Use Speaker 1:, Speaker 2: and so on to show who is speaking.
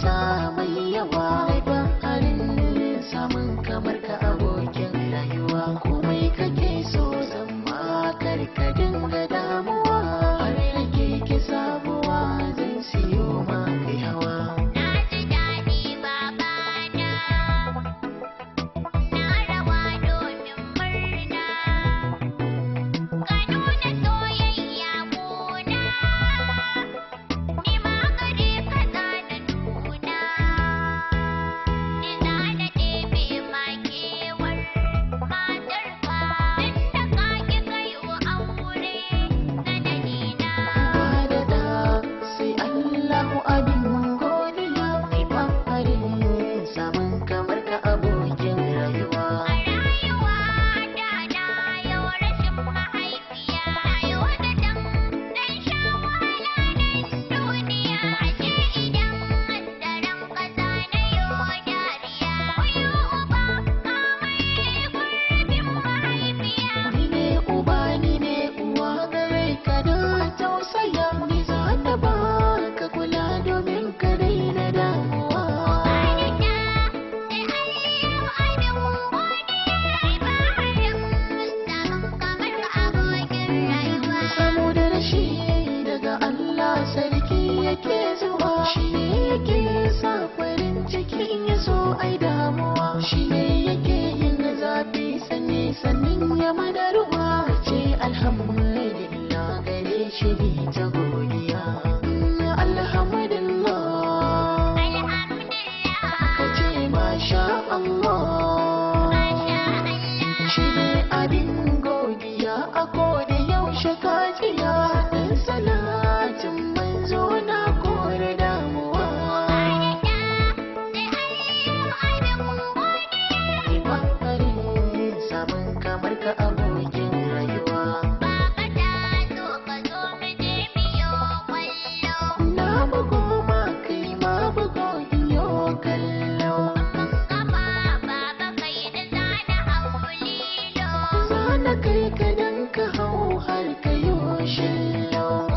Speaker 1: ta mai yawa ne yake yin zafi sani sanin ya madarwa ce alhamdulillah gare shi ta godiya alhamdulillah ka ce masha Allah shi ne abin godiya a da yaushe ka da kai ka dan ka hau har ka yi shillo